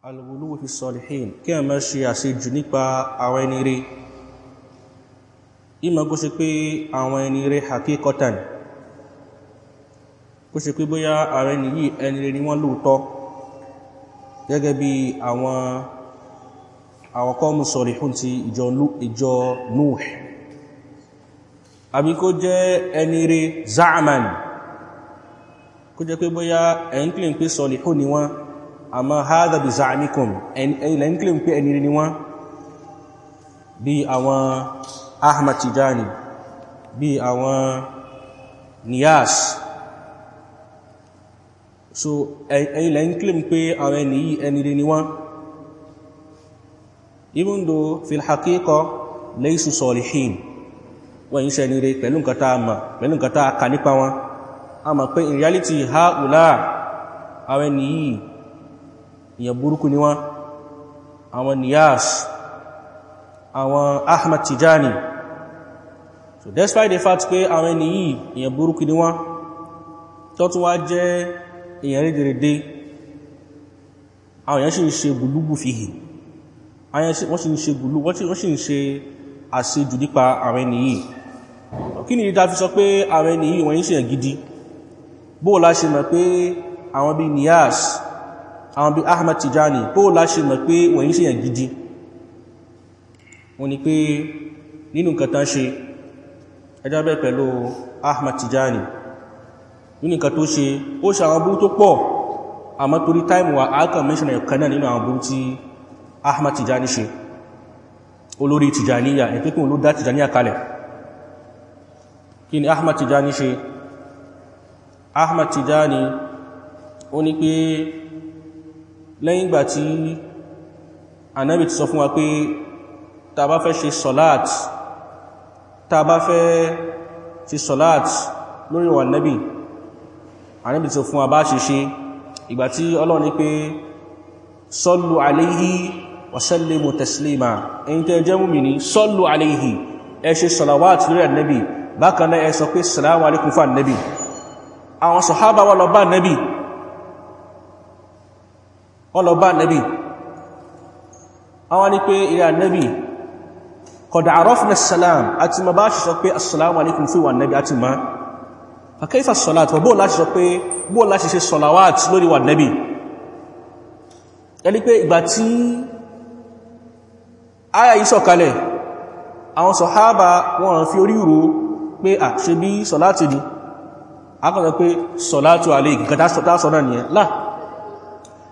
alghuluw fi salihin kí a máa ṣe àṣejù nípa àwọn ẹni rẹ̀ ìmọ̀ kó ṣe pé àwọn ẹni rẹ̀ hakikatan kó ṣe pé bóyá àwọn ẹni yìí ẹni rẹ̀ ni wọ́n lóòótọ́ gẹ́gẹ́ bí àwọn àwọn qawmu ti ìjọ Nuh àmọ́ hadha bi za'mikum ilẹ̀ ń kílè ń pé ẹni ni wọ́n bí àwọn Ahmad Tijani bí àwọn Niyas so ilẹ̀ ń kílè ń pé àwọn ẹni yìí ẹni ni wọ́n even though fil haqiqa laysu salihin wọ́n yìí ṣẹni rẹ̀ pẹ̀lú nǹkan táa mọ̀ pẹ̀lú nǹkan táa ìyẹn burúkú ni wọ́n àwọn niyas àwọn ahmad tijani so despite the fact pé àwọn ẹni yìí ìyẹn burúkú ni wọ́n tó tún wá jẹ́ èyàn rédèrèdè àwọn èyàn sì ń ṣe gùlúgù fihì wọ́n sì ń ṣe gùlú wọ́n sì ń ṣe àṣejù nípa àwọn ẹni yìí kí ni ìdá fi sọ pé àwọn ẹni yìí wọ́n ń ṣe gidi bóòlá ṣe mọ̀ pé àwọn bí niyas àwọn bí Ahmad Tijani bó láṣe mọ̀ pé wọ̀nyí ṣe yàn gidi wọ́n ní pé nínú nǹkan tán ṣe ẹjọ́ pẹ̀lú Ahmad Tijani nínú nǹkan tó ṣe ó ṣe àwọn burú tó pọ̀ àmọ́ torí táìmù wà ákà mẹ́ṣẹ̀nà ẹ̀kan náà nínú àwọn burú tí Ahmad Tijani ṣe olórí Tijaniya ẹ̀pẹ́kùn ló dá Tijaniya kalẹ̀ kí ni Ahmad Tijani ṣe Ahmed Tijani ó ní pé lẹ́yìn ìgbà tí anábì ti sọ fún wa pé ta bá fẹ́ ṣe sọ́láàt ta bá fẹ́ ṣe sọ́láàt lórí wà nábì anábì ti sọ fún wa bá ṣe ṣe ìgbà tí Ọlọ́run ní pé sọ́lù aléhì wàsẹ́lẹ̀mù tẹ̀sílẹ̀mà ẹ̀yin tẹ́ jẹ́ mùmínì sọ́lù aléhì ẹ ṣe sọ̀làwàtí lórí ànẹ́bì bákan ẹ sọ pé sàlámù alékùn ànẹ́bì àwọn sọ̀hábà wọ́n lọ bá nẹ́bì àwọn ni pé ìrẹ́ nẹ́bì kọ̀dà àrọ́fún salam àti ma bá ṣe sọ pé assalamu alaikum fi wà nẹ́bì àti ma akẹ́fà sọ́lát wọ́n bóò láti sọ pé bóò láti ṣe sọ́láwát lórí wà nẹ́bì ẹni pé ìgbà tí aya yìí sọ̀kalẹ̀ àwọn sọ̀hábà wọn fi orí ìrò pé à ṣe bí sọ̀látì ni akọ̀sọ̀ pé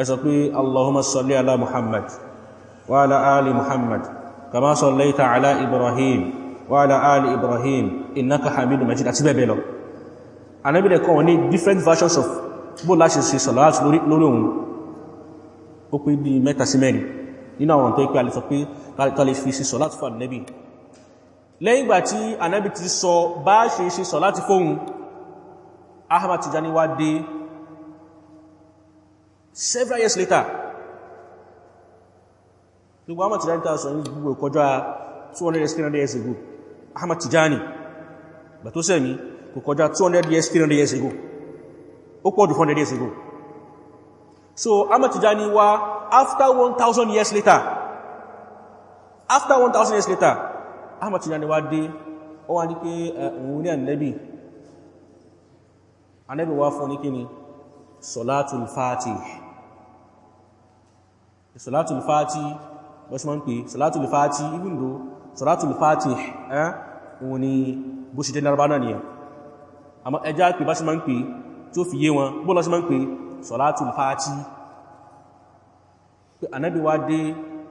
ẹ sọ pé allahumma salli ala muhammad wa ala ali muhammad kama sallaita ala ibrahim wa ala ali ibrahim innaka hamidu majid àti bẹ́ẹ̀ lọ Ànábì dẹ̀ kọ́ different versions of bó láṣe ṣe salat lórí òun ó pé bí mẹ́ta sí mẹ́rin nínú àwọn tó pé alẹ́sọ pé tàlẹ̀ fi sí sọ̀láti fún ànábì lẹ́yìn ìgbà tí ànábì ti sọ bá ṣe ṣe sọ̀láti fóhun Ahmad Tijani wá dé several years later gbogbo Ahmad Tijani ta sọ ní gbogbo kọjá 200 years ago Ahmad Tijani gbà tó sẹ́mi kò kọjá 200 years 300 years ago ó pọ̀ jù 400 years ago so Ahmad Tijani wá after 1000 years later after 1000 years later Ahmad Tijani wá dé ó wá ní pé òun ní ànẹ́bì ànẹ́bì wá fún ní kíni Salatul Fatih salatul fati bọ́sí ma ń pè salatul fati even though salatul fati ẹ́ òun ni bó ṣe jẹ́ lárabá náà nìyẹn àmọ́ ẹjá pè bá ṣe ma ń pè tí ó fi yé wọn bó lọ ṣe ma ń pè salatul fati pé Ànábì wá dé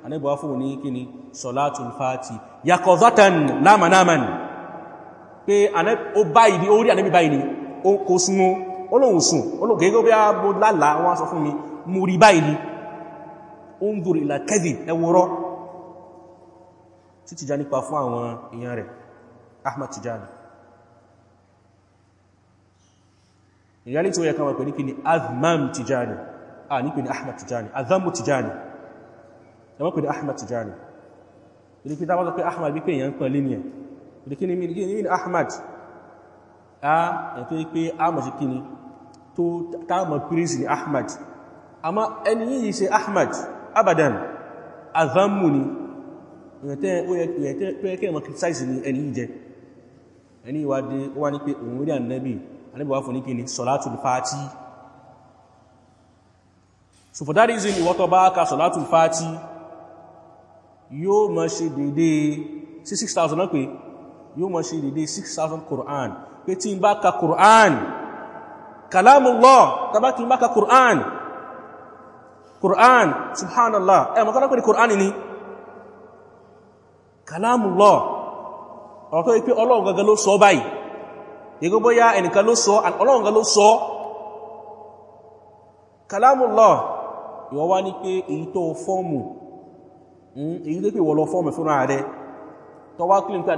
Ànábì wá fún ní kíni salatul fati yakọzatan lámanáman pé ó báyìí ó rí Ànábì báyìí ni ó kó súnmọ́ olóhùn sùn olóhùn gẹ́gẹ́ bí a bó lálàá wọ́n sọ fún mi mú rí báyìí unzur ila kadhib ẹwọ́rọ́ tí Tijani pa fún àwọn èèyàn rẹ̀ Ahmad Tijani ìyálé tí ó yẹ ká wà pẹ̀lú kí ni azmam Tijani a ní pẹ̀lú Ahmad Tijani azamu Tijani ẹwọ́n pẹ̀lú Ahmad Tijani ìdí pé dábátọ̀ pé Ahmad bí pé èèyàn kan lé ní kí ni Ahmad a ẹ̀tọ́ pé a kí ni tó táàmà pírísì Ahmad àmá ẹni yìí ṣe Ahmad abadan azammu ni ìrẹ̀tẹ́ ma criticize ni ẹni ìjẹ ẹni ìwádìí wá ní pé òun rí ànẹ́bì ànẹ́bìwá fún ní so for that reason ìwọ́tọ̀ bá ká sọ̀látùl fàátí yóò ma ṣe dédé 6,000 náà pé yóò ma ṣe dédé 6,000 Qur'an pé tí ń bá ka Qur'an kalamullah tàbá tí ń bá ka Qur'an Qur'an subhanallah ẹ mọ̀ tọ́lá pé Qur'an ni kalamullah ọ̀rọ̀ tó ipé Ọlọ́run gangan ló sọ báyìí yíkó bóyá ẹnìkan ló sọ Ọlọ́run gangan ló sọ kalamullah ìwọ wá ní pé èyí tó fọ́ọ̀mù èyí tó pè wọ́lọ fọ́ọ̀mù fún ààrẹ tó wá kílìm pé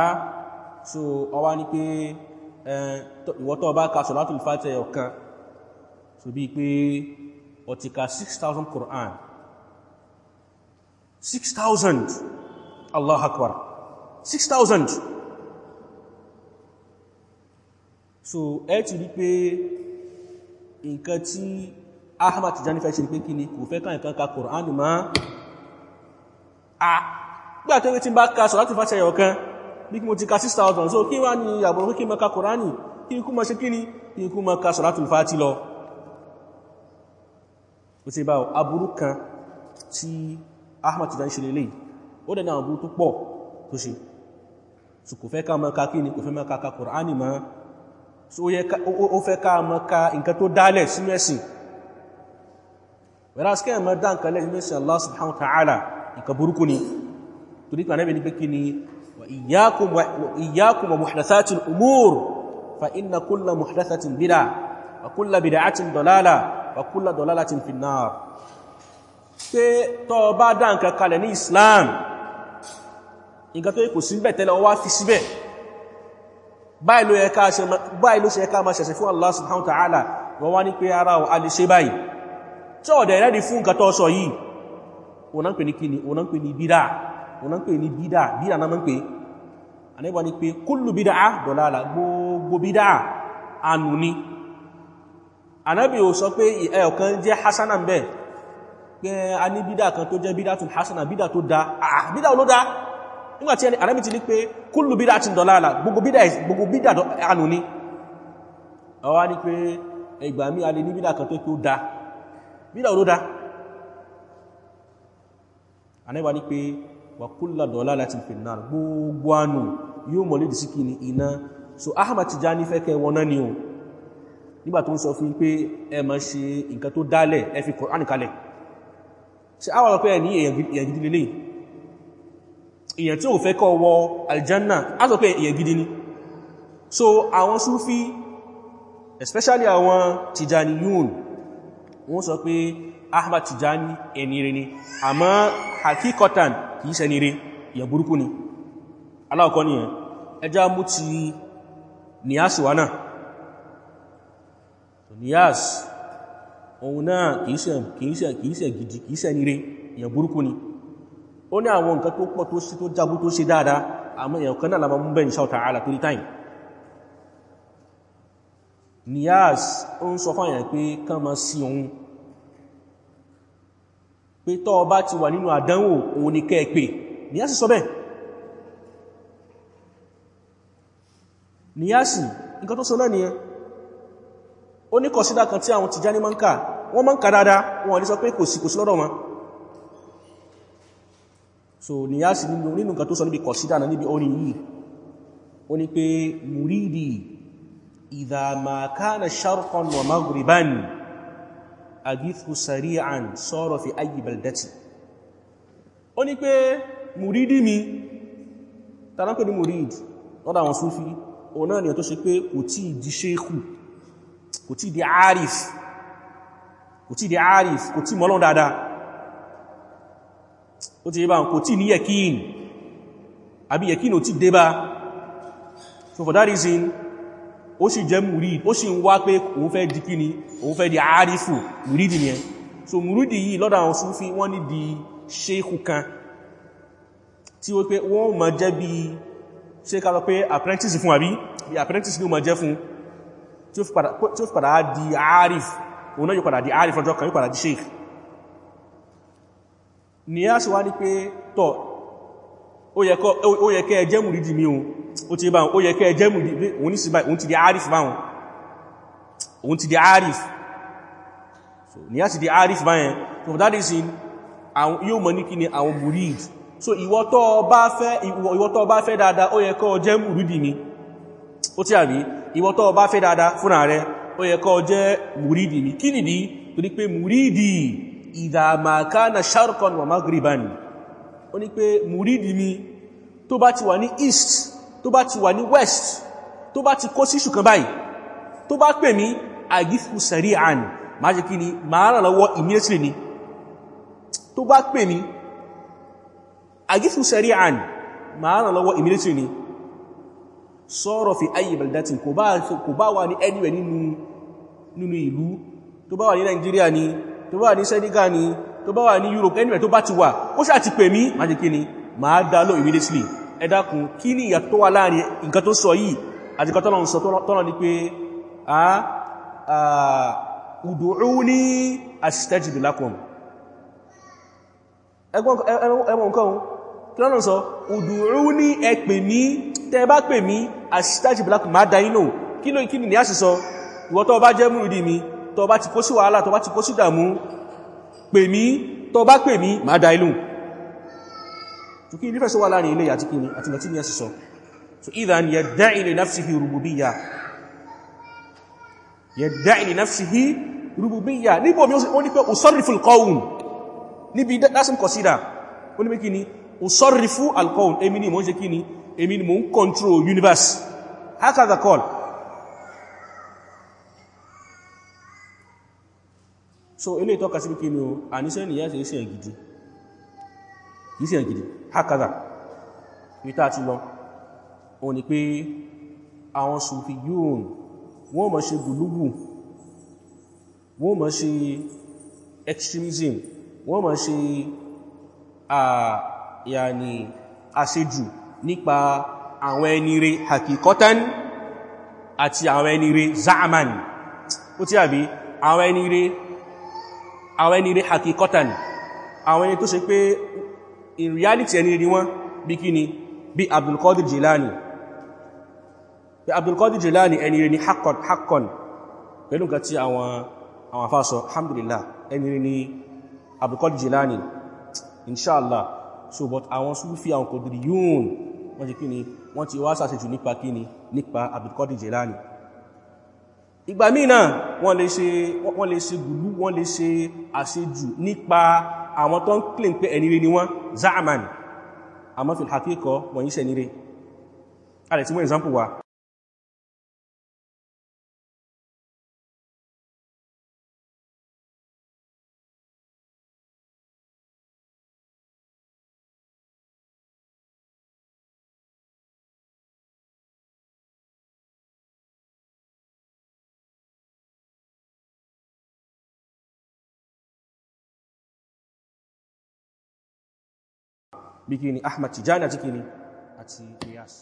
ah so ọwá ní pé ìwọ tó bá ka Suratul ọ̀kan so bí pé ó ti ka 6,000 Qur'an 6,000 Allah akbar 6,000 so ẹ ti rí pé nǹkan tí Ahmad Tijani fẹ́ ṣe ní pé kí ni kò fẹ́ ka Qur'an ma a gbàtẹ́wé tí bá ka sọ láti fàṣẹ ọ̀kan bí kí mo ti ka 6,000 so kí wá ní àbọ̀rún kí mọ́ ka Qur'ani kí ikú mọ́ ṣe kí ni kí ikú mọ́ ka Salatul Fati lọ ó ti bá aburú kan tí Ahmad ti dá ń ṣe lélẹ̀ ó dẹ̀ náà aburú tó pọ̀ tó ṣe so kò fẹ́ ká mọ́ ká kí ni kò fẹ́ mọ́ ká ka Kùránì mọ́ so ó fẹ́ ká mọ́ ká nǹkan tó dálẹ̀ sínú ẹ̀sìn whereas kẹ́ mọ́ dá nǹkan lẹ́yìn mẹ́sìn Allah subhanahu wa ta'ala nǹkan burúkú ni torí pé anábì ní pé kí ni wa wa iyyakum umur fa inna kulla muhdathatin bid'ah wa kulla bid'atin dalalah wàkúlá dọ̀lá láti fi náà pé tọ́ bá dá nǹkan kalẹ̀ ní Islam nǹkan tó kò síbẹ̀ tẹ́lẹ̀ wá fi síbẹ̀ báyìí ló ṣe ẹka ma ṣẹ̀ṣẹ̀ fún Allah subhanahu wa ta'ala wọ́n wá ní pé ara ò a lè ṣe báyìí tí ọ̀dẹ̀ rẹ́dì fún nǹkan anábì ò sọ pé ẹ̀ọ̀kan jẹ́ hasana bẹ́ẹ̀ pé a ní bídá kan tó jẹ́ bídá tún hasana bídá tó dá àà ah, bídá ló dá nígbàtí anábì ti ní pé kúlù bídá ti dọ̀láàlá gbogbo bídá ànù ni ọwá ní pé ẹgbàmí a lè ní bídá kan tó tó dá bídá ló dá anábì ní pé wà kúlù dọ̀láàlá ti fi gbogbo ànù yóò mọ̀lé dì nígbà tó ń sọ fún pé ẹ má ṣe nǹkan tó dálẹ̀ ẹ fi Kùránì kalẹ̀ ṣe àwọn ọ̀pẹ́ ẹ̀ ní èyàn gidi lè èyàn tí ó fẹ́ kó wọ aljanna á sọ pé èyàn ni so àwọn Súfí especially àwọn Tijaniyun wọ́n sọ pé Ahmad Tijani ẹni rere ni àmọ́ hakikotan kìí ṣe ni rere èyàn burúkú ni aláwọ̀kọ́ ni ẹ̀ ni a ṣùwánà Niyas òun náà kìíṣẹ̀ gidi kìíṣẹ̀ nire èyàn burúkú ni ó ní àwọn nǹkan tó pọ̀ tó sí tó jágú tó ṣe dáadáa àmọ́ èyàn kan náà lábá mú bẹ́ẹ̀ insha ta'ala torí táyìn Niyas ó ń sọ fáyàn pé kán ma sí òun pé tọ́ ọba ti wà nínú àdánwò òun ni kẹ́ pé Niyas sọ bẹ́ẹ̀ ó ní kọ̀sídà kan tí àwọn Tìjàní máa ń kà wọ́n máa ń kà dáadáa wọ́n lè sọ pé kò sí kò sí lọ́dọ̀ wọn so níyàsí nínú nínú nǹkan tó sọ níbi kọ̀sídà náà níbi orin yìí ó ní pé muridi idha ma kana sharqan wa maghriban agithu sari'an sara fi ayi baldati ó ní pé muridi mi tàbí muridi lọ́dọ̀ àwọn kò tí di arif kò tí di arif kò tí mọ́lọ́n dáadáa ó ti yíba kò tí ní yẹ̀kín àbí yẹ̀kín ò tí débá so for that reason ó sì jẹ́ murid ó sì ń wá pé òun fẹ́ di kíni òun fẹ́ di arifu muridi ni ẹ so muridi yìí lọ́dọ̀ àwọn Sufi wọ́n ní di sheikhu kan tí ó pé wọ́n ma jẹ́ bí ṣe ká lọ pé apprentice fún àbí bí apprentice ni ó ma jẹ́ fún tí ó fi padà di arif òun náà yóò padà di arif ọjọ́ kan yóò padà di sheikh ni a ṣe wá ní pé tọ́ ó yẹ kẹ́ ẹjẹ́ mú rídì mí o ó ti bá ó yẹ kẹ́ ẹjẹ́ mú rídì òun ní sí báyìí òun ti di arif báwọn òun ti ni a ti di arif báyẹn so for that reason yóò mọ̀ ní kí ni àwọn murid so ìwọ tó bá fẹ́ ìwọ tó dáadáa ó yẹ kọ́ ọjẹ́ mú rídì mi ó tí àbí ìwọ tó bá fẹ́ dáadáa fúnra rẹ ó yẹ kó jẹ́ mùrídì mi kí nìdí torí pé mùrídì ìdàmàkánà sharqan wa maghriban ó ní pé mùrídì mi tó bá ti wà ní east tó bá ti wà ní west tó bá ti kó síṣù kan báyìí tó bá pè mí àgífù sari'an máa jẹ́ kí ni máa ràn lọ́wọ́ immediately ni tó bá pè mí àgífù sari'an máa ràn lọ́wọ́ immediately ni sọ́rọ̀ fi ayé baldatin kò bá wà ní anywhere nínú ìlú tó bá wà ní Nigeria ni tó bá wà ní Senegal ni tó bá wà ní Europe anywhere tó bá ti wà ó ṣáà ti pè mí máa jẹ́ kí ni máa dá lọ immediately ẹ dákun kí ni ìyàtọ̀ wà láàrin nǹkan tó sọ yìí àti kan tọ́lọ̀ sọ tọ́lọ̀ ní pé a ud'uni astajib lakum ẹgbọ́n nǹkan kílọ́nà sọ òdúrú ní ẹpè mí tẹ bá pè mí àṣítájì blákù má dá inú kí ló ìkíni ní àṣìsọ ìwọ tó bá jẹ́ múrìdí mi tó bá ti kó sí wàhálà tó bá ti kó sí dàmú pè mí tó bá pè mí má dá inú tukí ní fẹ́sọ́ wà láàrin ilé àti kíni àti so idhan yadda'i li nafsihi rububiyya yadda'i li nafsihi rububiyya níbo mi ó ní pé usarriful qawm níbi lásìkò usarrifu alqawl èmi ni mo ṣe kíni èmi ni mo ń control universe hakadha qala so ilé ìtọ́ka sí kíni o àníṣẹ́ nìyà ṣe iṣẹ́ gidi iṣẹ́ gidi hakadha níta ti lọ o ni pé àwọn sùfì yóò wọ́n mọ̀ ṣe gùlúgù wọ́n mọ̀ ṣe extremism wọ́n mọ̀ ṣe ah, yàní àṣejù nípa àwọn ẹnire hakikotan àti àwọn ẹnire za'aman ó tí àbí àwọn ẹnire àwọn ẹnire hakikotan àwọn ẹni tó ṣe pé in reality ẹnire ni wọ́n bí kíni bí Abdulkadir Jilani bí Abdulkadir Jilani ẹnire ni haqqan haqqan pẹ̀lú nǹkan tí àwọn àwọn afásọ alhamdulillah ẹnire ni Abdulkadir Jilani inshallah so but àwọn Sufi àwọn kòdìrì yóòn wọ́n ti kí ni wọ́n ti wá sàṣẹ́jù nípa kí ni nípa Abdulkadir Jelani ìgbà míì náà wọ́n lè ṣe wọ́n lè ṣe gùlú wọ́n lè ṣe àṣejù nípa àwọn tó ń claim pé ẹnire ni wọ́n zaaman àmọ́ fil hakíkọ wọ̀nyí ṣẹ̀nire a lè ti mọ́ example wa bí kí ni ahmad tijani àti kí ni àti qiyas